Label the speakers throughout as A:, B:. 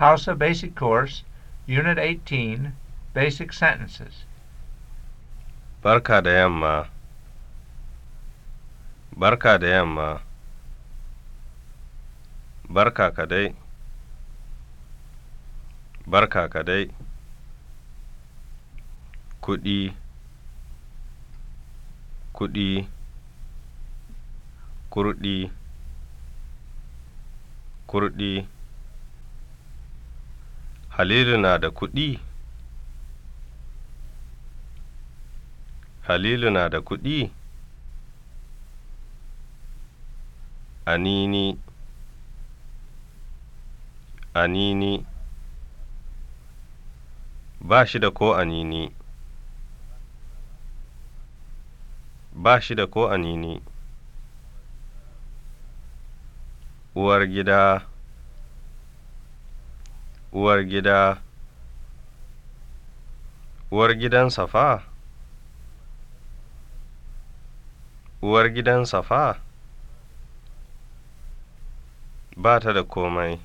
A: of Basic Course, Unit 18, Basic Sentences. Barka da yamma. Barka da yamma. Barka ka dai. Barka ka kudi, Kuɗi. Kuɗi. Halilu na da kuɗi? Halilu na da kuɗi? Anini Anini Ba shi da ko anini Ba shi da ko anini Uwar gida Uwar gida. gidan safa? fa gidan fa ba ta da komai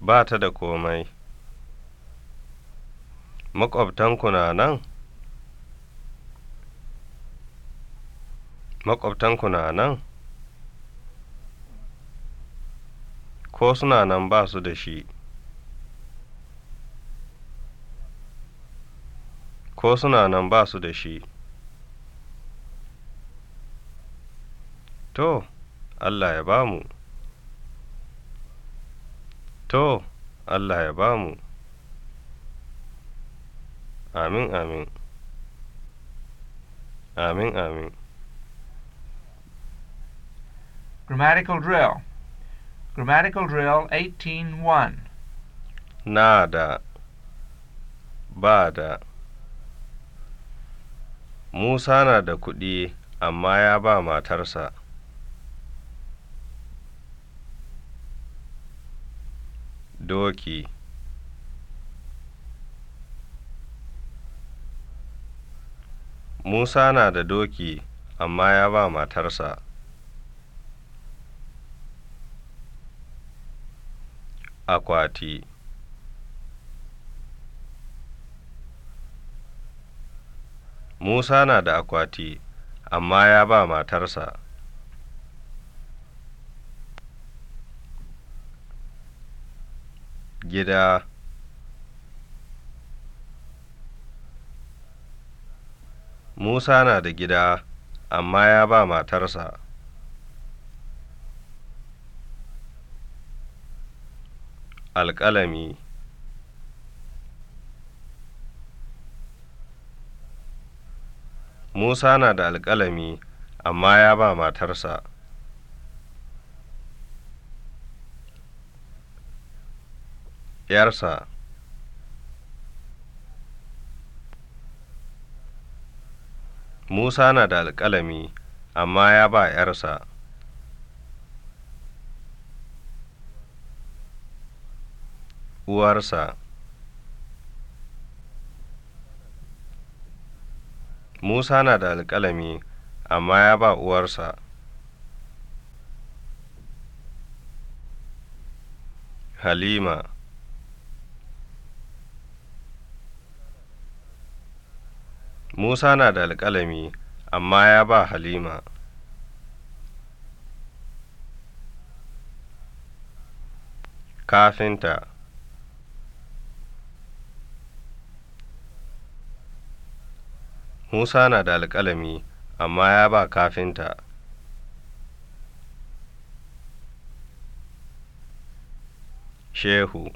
A: ba ta da komai maƙwabtanku na nan maƙwabtanku na nan ko suna nan ba su da shi ko suna nan ba su da shi to allah ya ba mu to allah ya ba mu amin amin amin amin grammatical drill Grammatical drill 18-1 Na da Ba da Musa na da kuɗi amma ya ba matarsa. Doki Musa na da doki amma ya ba matarsa. akwati Musa na da akwati amma ya ba matarsa gida Musa na da gida amma ya ba matarsa alƙalami Musa na da alƙalami amma ya ba matarsa ‘yarsa Musa na da alƙalami amma ya ba ‘yarsa uwarsa musa na da alƙalami amma ya ba uwarsa halima musa na da alƙalami amma ya ba halima kafinta Musa na da alƙalami, amma ya ba kafinta. Shehu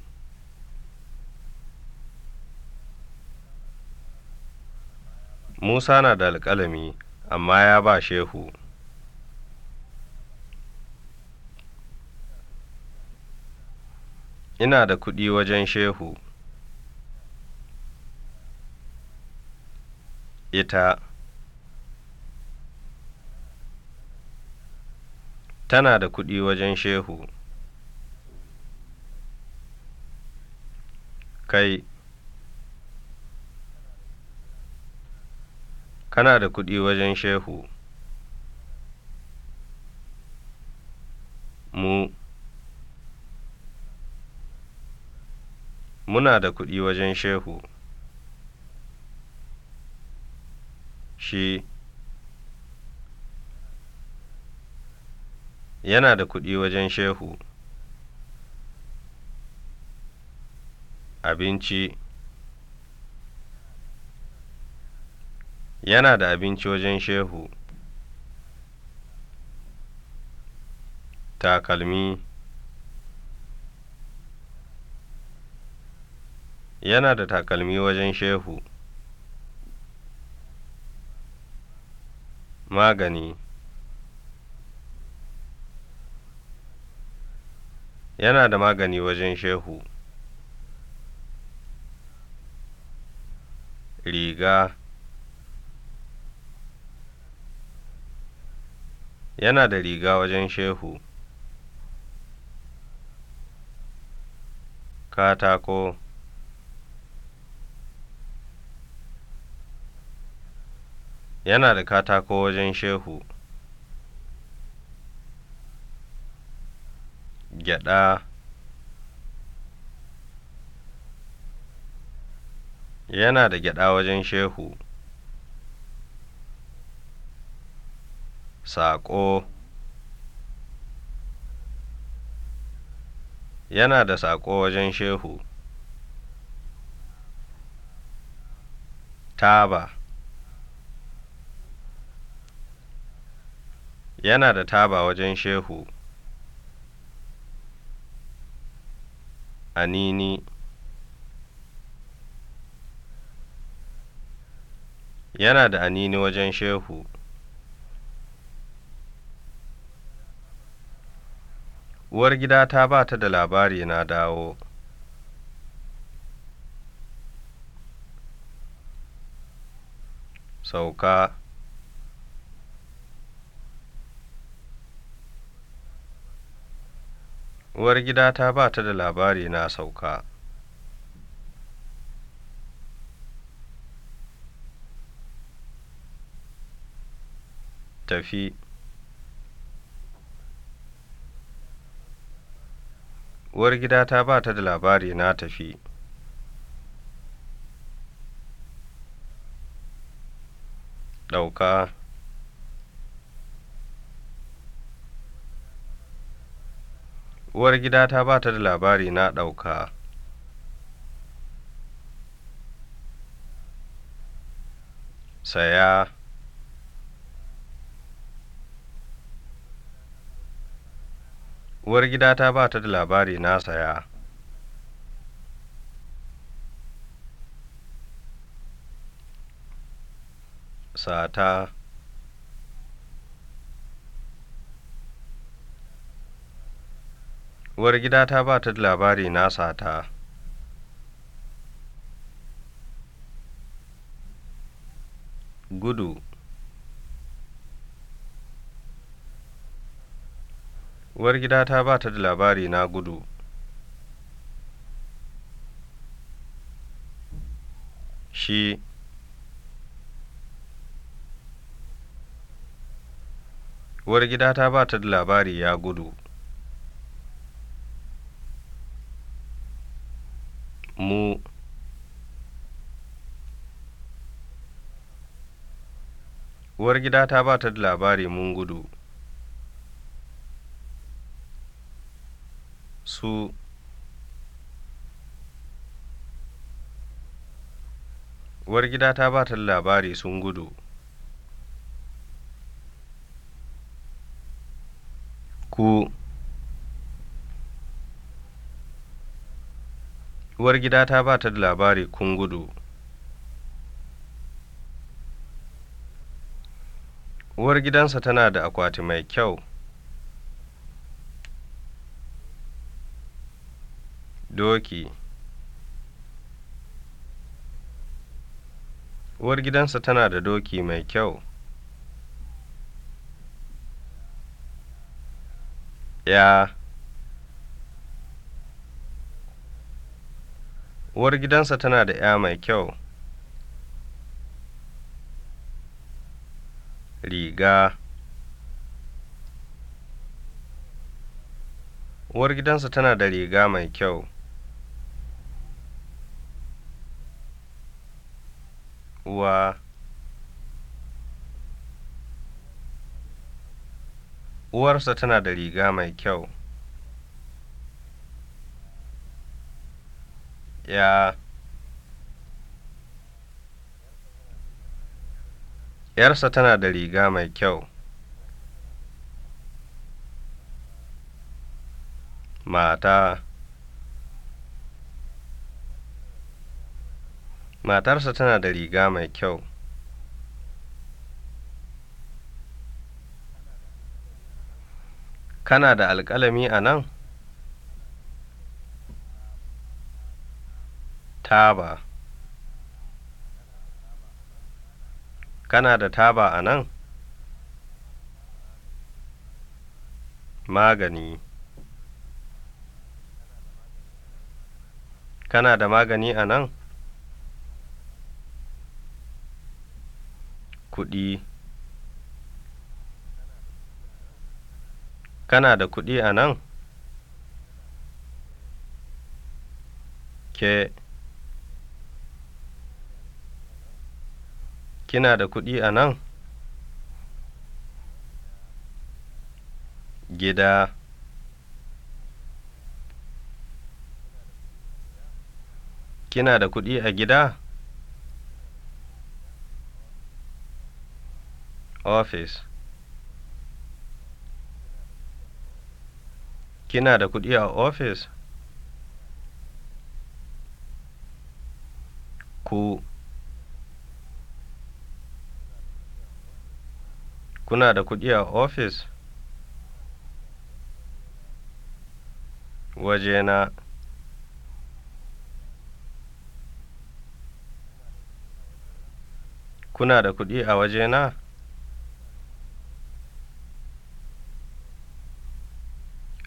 A: Musa na da alƙalami, amma ya ba Shehu. Ina da kuɗi wajen Shehu. ita tana da kuɗi wajen shehu kai kana da kuɗi wajen shehu mu muna da kuɗi wajen shehu shi yana da kuɗi wajen shehu abinci yana da abinci wajen shehu takalmi yana da takalmi wajen shehu magani yana da magani wajen shehu riga yana da riga wajen shehu katako yana da katako wajen shehu gyaɗa yana da gyaɗa wajen shehu saƙo yana da saƙo wajen shehu taba yana da taba wajen shehu anini yana da anini wajen shehu uwar gida ta ba ta da labari na dawo sauka uwar gida ta ba ta da labari na sauka tafi gida ta ba ta da labari na tafi ɗauka uwar gida ta ba ta da labari na ɗauka saya uwar gida ta ba ta da labari na saya sata gida ta ba ta da labari na sata gudu gida ta ba ta da labari na gudu shi gida ta ba ta da labari ya gudu gida ta ba ta da labari mun gudu. Su gida ta ba ta da labari sun gudu. Ku gida ta ba ta da labari kun gudu. uwar gidansa tana da akwati mai kyau doki uwar gidansa tana da doki mai kyau ya uwar gidansa tana da ya mai kyau riga uwar gidansa tana da riga mai kyau uwa uwarsa tana da riga mai kyau ya Yarsa tana da riga mai kyau. Mata Matarsa tana da riga mai kyau. Kana da alƙalami a nan? Taba. kana da taba a nan magani kana da magani a nan kuɗi kana da kuɗi a nan ke kina da kuɗi a nan gida kina da kuɗi a gida office kina da kuɗi a office ku Kuna da kuɗi a ofis? wajena Kuna da kuɗi a wajena?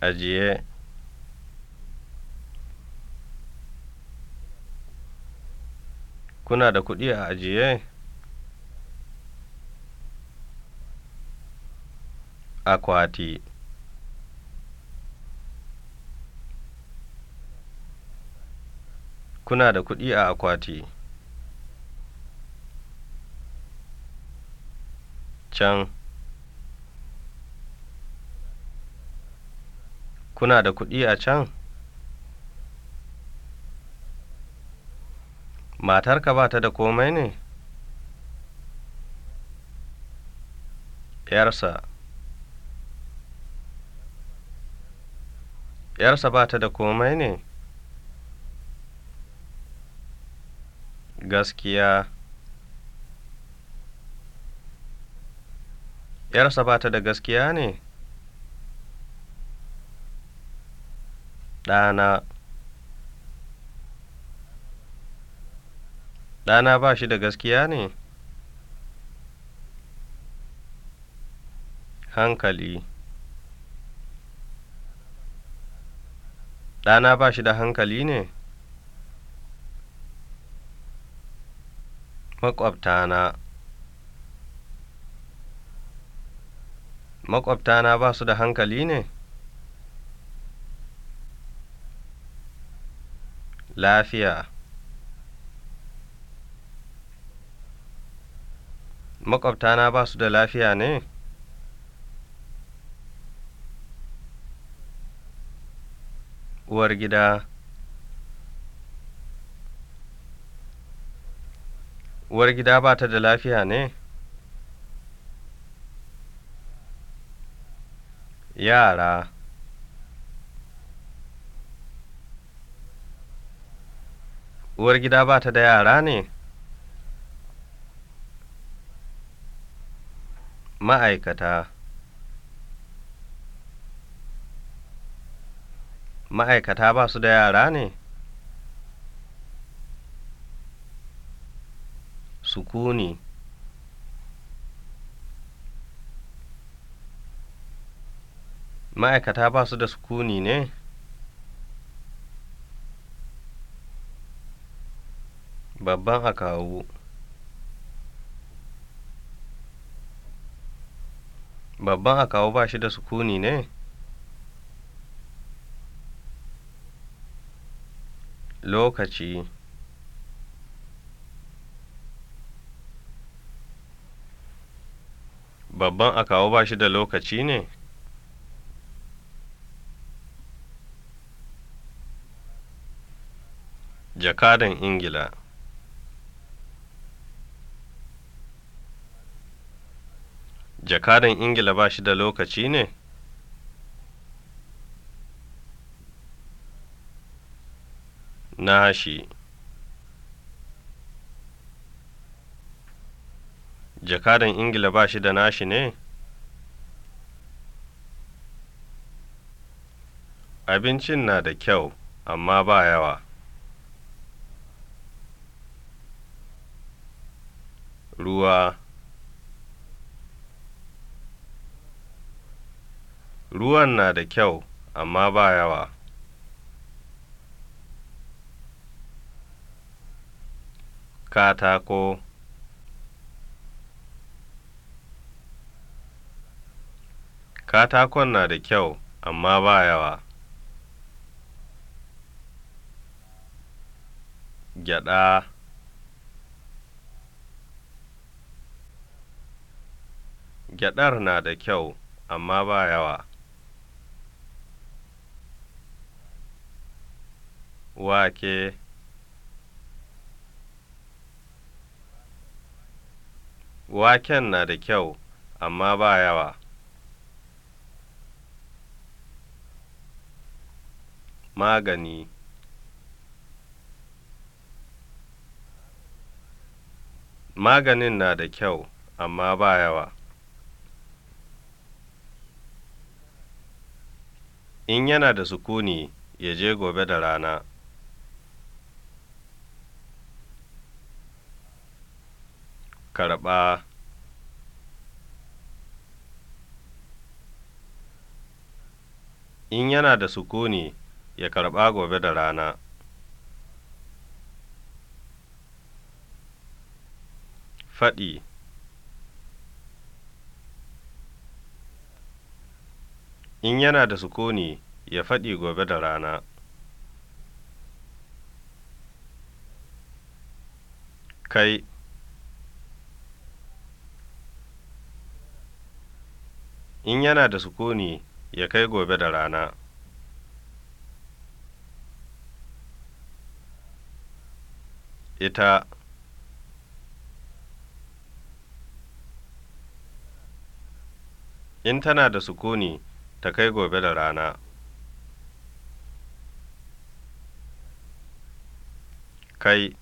A: Ajiye. Kuna da kuɗi a ajiye? akwati kuna da kuɗi a akwati can kuna da kuɗi a can matarka ba ta da komai ne 'yarsa yarsa ba ta da komai ne gaskiya yarsa ba ta da gaskiya ne ɗana ɗana ba shi da gaskiya ne hankali ɗana ba shi da hankali ne maƙwabtana maƙwabtana ba su da hankali ne lafiya maƙwabtana ba su da lafiya ne gida. uwar gida ba ta da lafiya ne yara gida ba ta da yara ne ma'aikata ma'aikata ba su da yara ne sukuni ma'aikata ba su da sukuni ne babban akawu babban akawu ba shi da sukuni ne lokaci babban akawo ba shi da lokaci ne jakadan ingila jakadan ingila ba shi da lokaci ne nashi jakadan ingila ba shi da nashi ne abincin na da kyau amma ba yawa ruwa ruwan na da kyau amma ba yawa katako katakon na da kyau amma ba yawa Gyada, gyadar na da kyau amma ba yawa wake Waken na da kyau, amma ba yawa. Magani Maganin na da kyau, amma ba yawa. In yana da sukuni, ya je gobe da rana. karɓa in yana da sukuni ya karɓa gobe da rana faɗi in yana da sukuni ya faɗi gobe da rana kai in yana da sukuni ya kai gobe da rana ita in tana da sukuni ta kai gobe da rana kai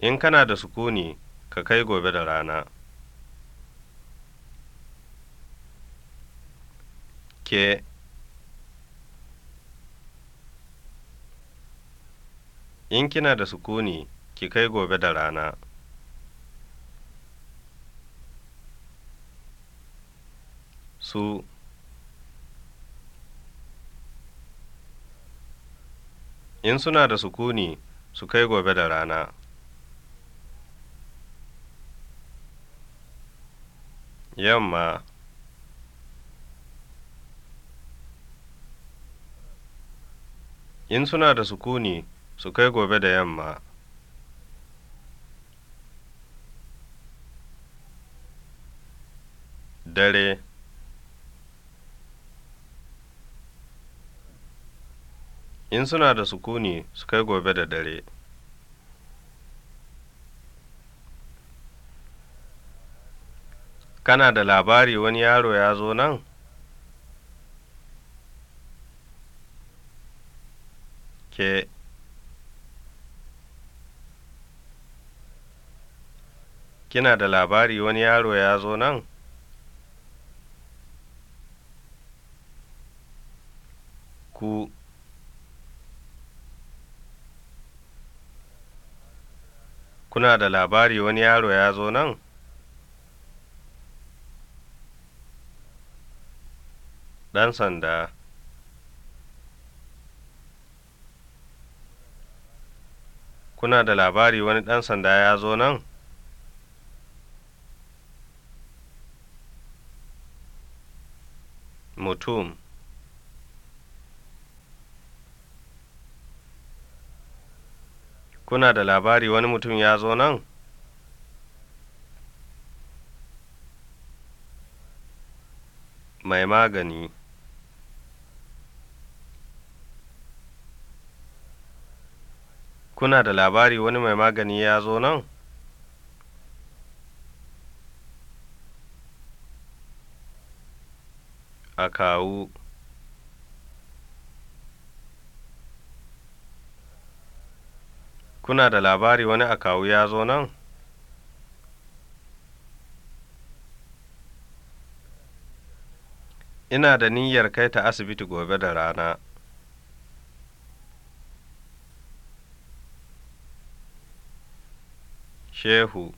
A: in kana da sukuni ka kai gobe da rana ke in kina da sukuni ki kai gobe da rana su in suna da sukuni su kai gobe da rana Yamma. In suna da sukuni su kai gobe da yamma. Dare. In suna da sukuni su kai gobe da dare. kana da labari wani yaro ya zo nan ke kina da labari wani yaro ya zo nan ku kuna da labari wani yaro ya zo nan ɗan sanda kuna da labari wani ɗan sanda ya zo nan mutum kuna da labari wani mutum ya zo nan mai magani kuna da labari wani mai magani ya zo nan a kawo kuna da labari wani a kawo ya zo nan ina da niyyar kai ta asibiti gobe da rana Shehu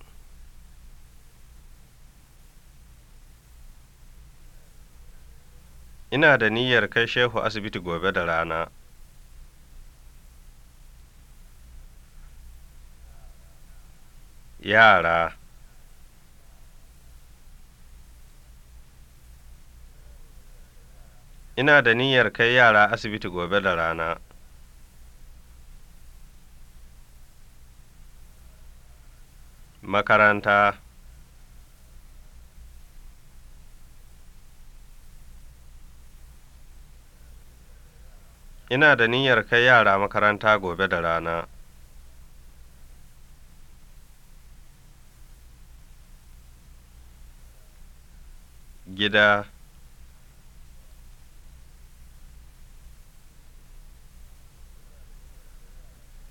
A: Ina da niyyar kai Shehu asibiti gobe da rana. Yara Ina da niyyar kai yara asibiti gobe da rana. makaranta ina da niyyar kai yara makaranta gobe da rana gida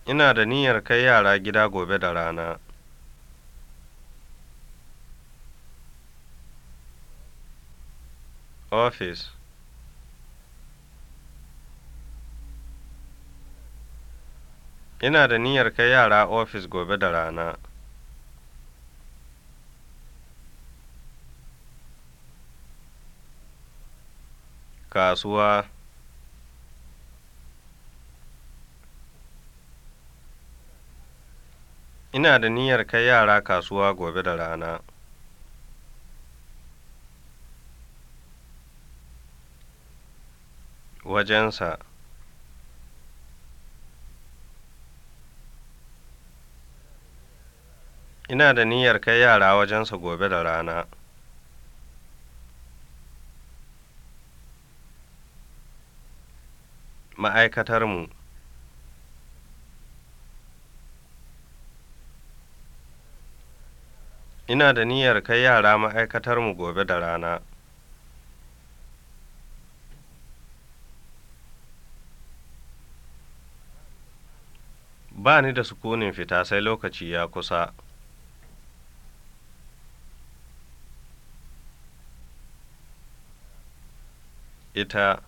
A: ina da niyyar kai yara gida gobe da rana office ina da niyyar kai yara ofis gobe da rana kasuwa ina da niyyar kai yara kasuwa gobe da rana wajensa ina da niyyar kai yara wajensa gobe da rana ma'aikatarmu ina da niyyar kai yara ma'aikatarmu gobe da rana ba ni da sukunin fita sai lokaci ya kusa ita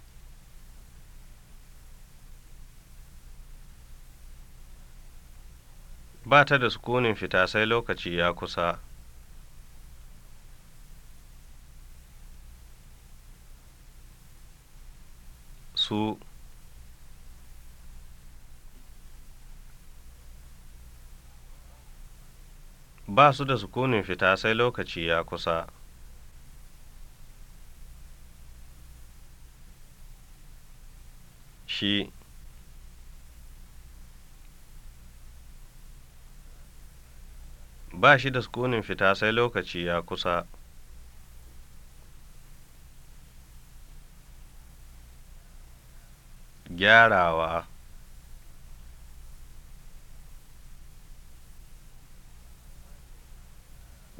A: ba ta da sukunin fita sai lokaci ya kusa su ba su da sukunin fita sai lokaci ya kusa. Shi ba shi da sukunin fita sai lokaci ya kusa. Gyarawa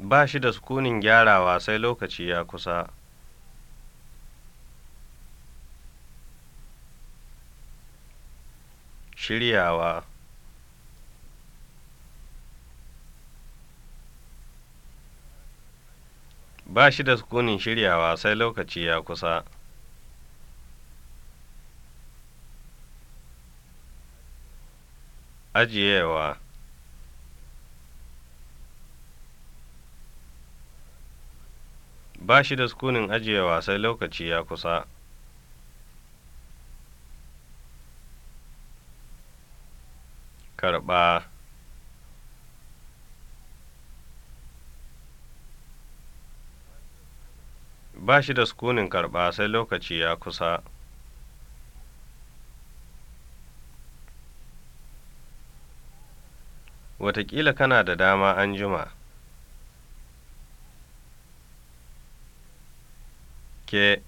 A: ba shi da sukunin gyarawa sai lokaci ya kusa. Shiryawa Ba shi da sukunin shiryawa sai lokaci ya kusa. Ajiyewa ba shi da sukunin ajiyewa sai lokaci ya kusa karɓa ba shi da sukunin karɓa sai lokaci ya kusa wataƙila kana da dama an jima ke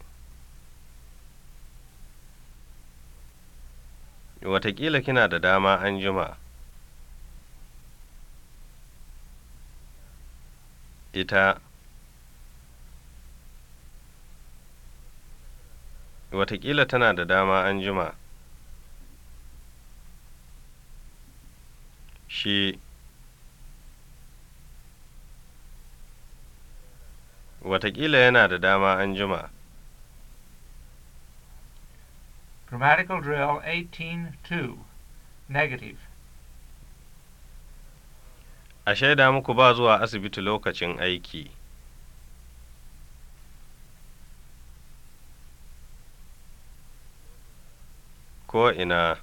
A: wataƙila kina da dama anjima ita wataƙila tana da dama anjima shi Wataƙila yana da dama an jima. Grammatical drill 18-2 Negative A shaida muku ba zuwa asibiti lokacin aiki. Ko ina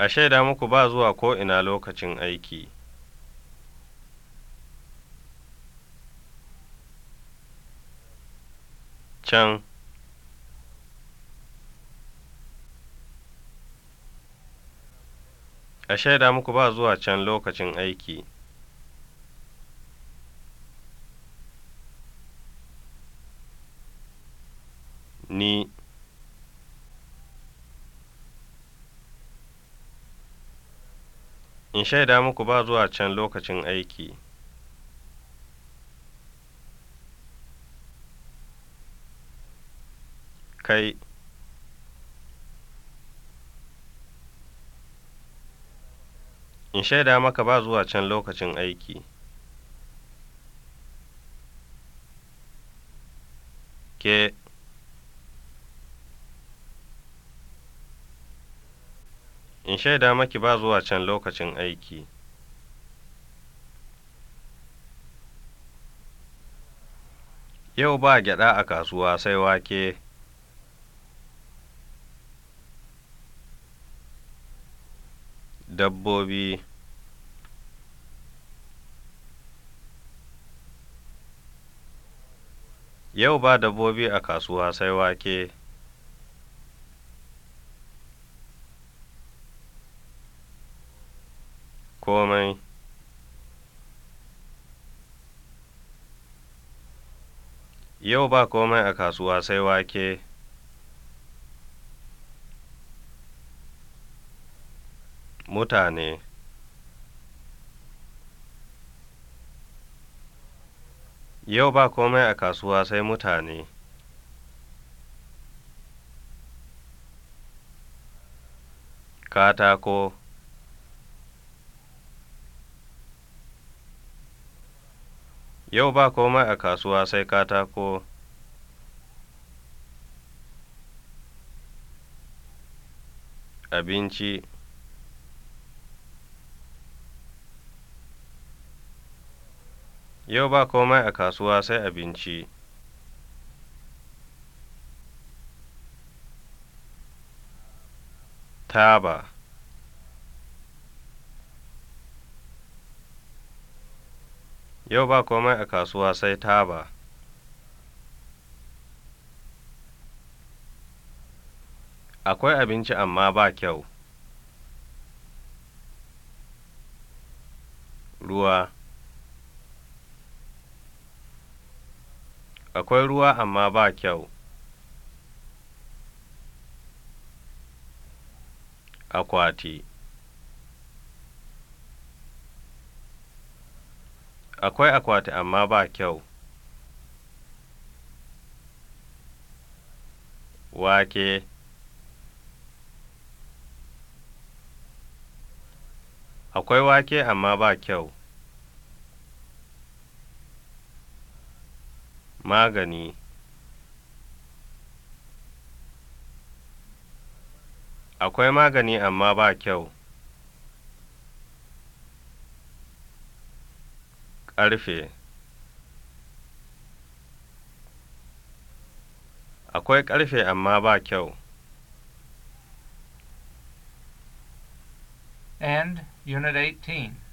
A: a shaida muku ba zuwa ko'ina lokacin aiki. Can A shaida muku ba zuwa can lokacin aiki. shaida muku ba zuwa can lokacin aiki. Kai In shaida maka ba zuwa can lokacin aiki. Ke in shaida maki ba zuwa can lokacin aiki yau ba gyaɗa a kasuwa sai wake dabbobi yau ba dabbobi a kasuwa sai wake komai yau ba komai a kasuwa sai wake mutane yau ba komai a kasuwa sai mutane katako Yau ba komai a kasuwa sai katako. Abinci Yau ba komai a kasuwa sai abinci. Taba Yau ba komai a kasuwa sai taba. Akwai abinci amma ba kyau. Ruwa Akwai ruwa amma ba kyau. Akwati Akwai akwati amma ba kyau. Wake Akwai wake amma ba kyau. Magani Akwai magani amma ba kyau. a rufe. Akwai ƙarfe amma ba kyau. And Unit 18.